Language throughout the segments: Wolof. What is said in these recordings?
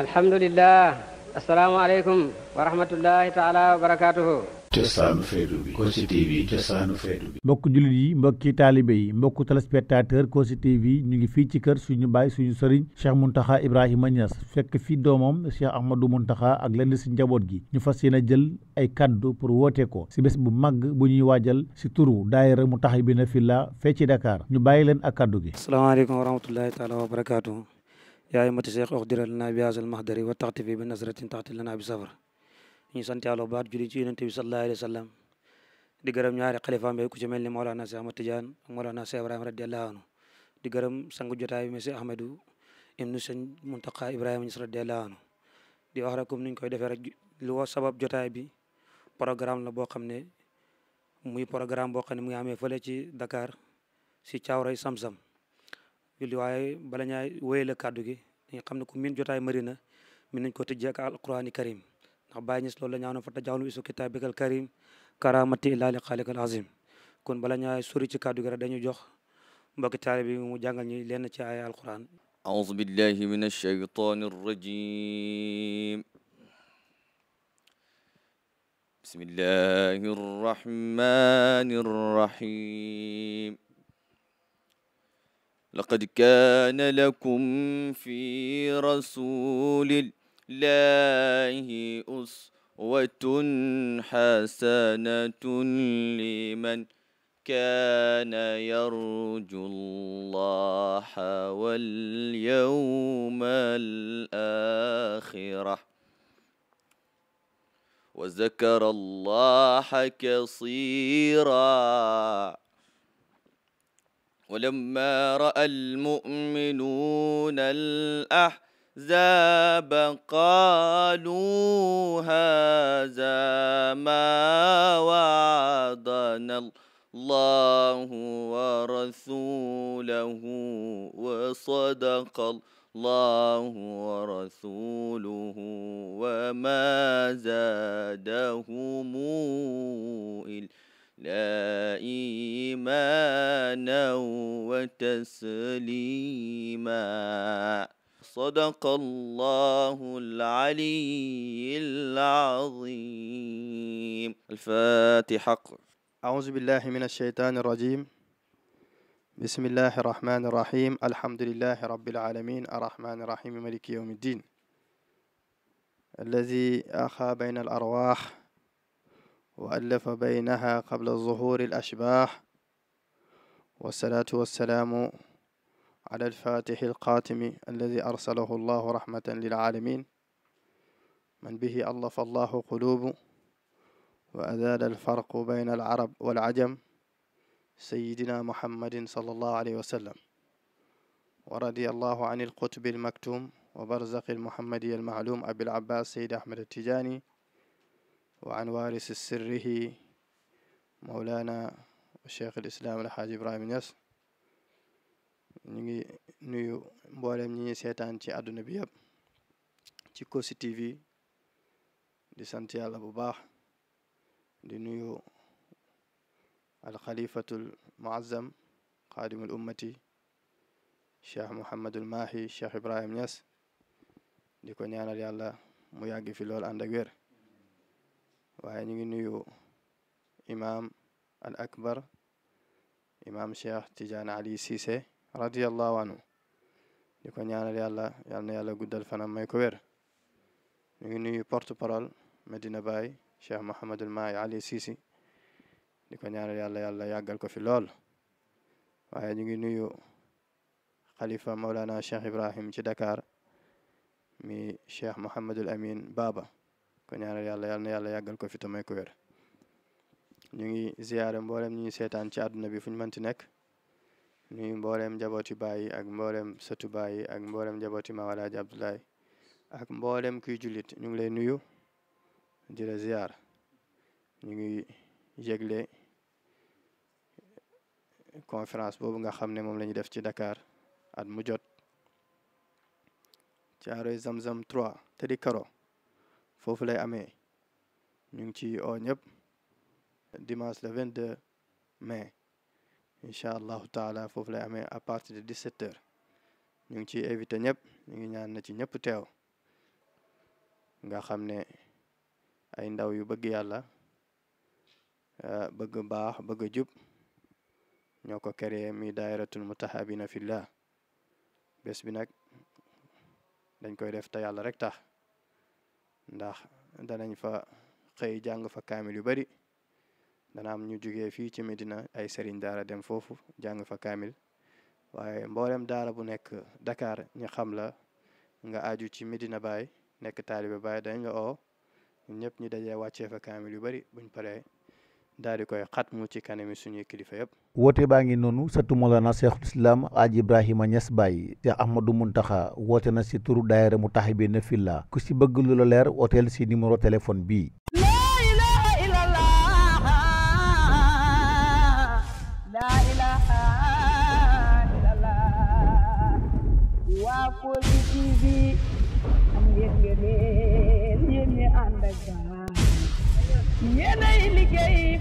alhamdulillah asalaamaaleykum wa rahmatullahi taala wa barakaatuhu cosaanu feetu bi Kossy TV cosaanu mbokk jullit yi mbokki taalibe yi mbokku téléspectateur Kossy TV ñu ngi fii ci kër suñu bàyyi suñu sëriñ Cheikh Mountakha Ibrahima Niass fekk fii doomam Cheikh Ahmadou Mountakha ak lenn si njaboot gi ñu fas yéene jël ay kàddu pour woote ko si bés bu mag bu ñuy waajal si turu daayira bi na fila ci Dakar ñu bàyyi leen ak kàddu gi asalaamaaleykum wa rahmatullahi taala wa يا إمتي شيخ أقدر لنا بهذا المهدري وتعتفي بالنظرة تعطي لنا بصبر إن سنت على بعد جل جل أنت صلى الله عليه وسلم دي غرام نيار خليفة مي كجمل مولانا سي أحمد تجان مولانا سي إبراهيم رضي الله عنه دي غرام سانغو جوتاي مي سي أحمدو ابن سن منتقى إبراهيم رضي الله عنه دي أهركم نين كوي دفير لو سبب جوتاي بي بروغرام لا بو خامني موي بروغرام بو خامني مي أمي فلي سي تشاوري سامسام julli waaye bala ñaay wéyale kàddu gi dañu xam ne ku min jotaay marina min nañ ko tijjee ak alqurani karim ndax bàyyi ñis loolu la ñaanoon fa tajaalu isu kitaabikal karim karamati ilaa li xaalikal azim kon bala ñaay sori ci kàddu gi rek dañu jox mbokki taali bi mu jàngal ñi lenn ci ay alquran aoudu billahi min alshaytan arrajim bismillahi arrahmani arrahim لقد كان لكم في رسول الله أسوة حسنة لمن كان يرجو الله واليوم الآخرة وذكر الله كثيرا ولما رأى المؤمنون الأحزاب قالوا هذا ما وعدنا الله ورسوله وصدق الله ورسوله وما زادهم لا إيمانا وتسليما صدق الله العلي العظيم الفاتحة أعوذ بالله من الشيطان الرجيم بسم الله الرحمن الرحيم الحمد لله رب العالمين الرحمن الرحيم ملك يوم الدين الذي أخى بين الأرواح وألف بينها قبل ظهور الأشباح والصلاة والسلام على الفاتح القاتم الذي أرسله الله رحمة للعالمين من به ألف الله قلوب وأزال الفرق بين العرب والعجم سيدنا محمد صلى الله عليه وسلم ورضي الله عن القطب المكتوم وبرزق المحمدي المعلوم أبي العباس سيد أحمد التجاني waa وعن وارث سره مولانا cheikh al islam alxaaj Ibrahima Niass ñu ngi nuyu mboolem ñi ñuy seetaan ci àdduna bi yëpp ci Kossy TV di sant yàlla bu baax di nuyu alxalifatul muazzam xaadimul ummati cheikh Mouhamadul Mahi cheikh Ibrahima Niass di ko ñaanal yàlla mu yàgg fi lool ànd ak waaye ñu ngi nuyu imaam al akbar imaam cheikh tidiane ali Cissé radiallahu anhu di ko ñaanal yàlla yal na yàlla guddal fanam may ko wér ñu ngi nuyu porte parole Medina Baye cheikh Mouhamadul Mahi ali Cissé di ko ñaanal yàlla yàlla yàggal ko fi lool waaye ñu ngi nuyu xalifa Mawlana cheikh Ibrahim ci Dakar mi cheikh Mouhamadul Amin Baba ko ñaanal yàlla yàlla na yàlla yàggal ko fi te may ko wér ñu ngi ziyaare mboolem ñu ngi seetaan ci àdduna bi fu ñu mënti nekk nuyu mbooleem njabooti bàyyi ak mbooleem sëtu bàyyi ak mbooleem ma maam Alaaji Abdoulaye ak mboolem kuy julit ñu ngi lay nuyu di la ziyaar ñu ngi yëgle conférence boobu nga xam ne moom la def ci Dakar at mu jot caaroy Zamzam 3 te di karo foofu lay amee ñu ngi ci oo ñëpp dimanche le 22 mai incha allahu taala foofu lay amee à partir de 17 heures ñu ngi ciy invité ñëpp ñu ngi ñaan na ci ñëpp teew nga xam ne ay ndaw yu bëgg yàlla ah, bëgg baax bëgg jub ñoo ko créé mi daayiratul mutahabina fillah bés bi nag dañ koy def te yàlla rek tax ndax danañ fa xëy jàng fa kaamil yu bari dana am ñu jugee fii ci Medina ay sëriñ daara dem foofu jàng fa kaamil waaye mboolem daara bu nekk Dakar ñu xam la nga aju ci Medina Baye nekk taalibe Baye dañ la oo ñëpp ñu dajee wàccee fa kaamil yu bari buñ paree daal di koy xatmu ci kanami suñuy kilifa yëpp wote baa nonu satu molana cheikh Islam aj Ibrahima Niass bay Cheikh Ahmadou Muntaxa wote na ci turu daayira mu na filla ku ci beug lu leer hotel ci numero telephone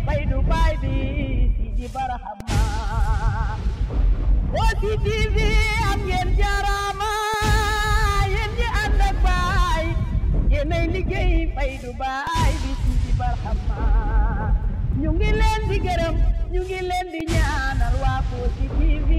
fay du bi ci ji Seydou Baay bi ci barxama ñu ngi leen di gërëm ñu leen di ñaanal waa Kossy TV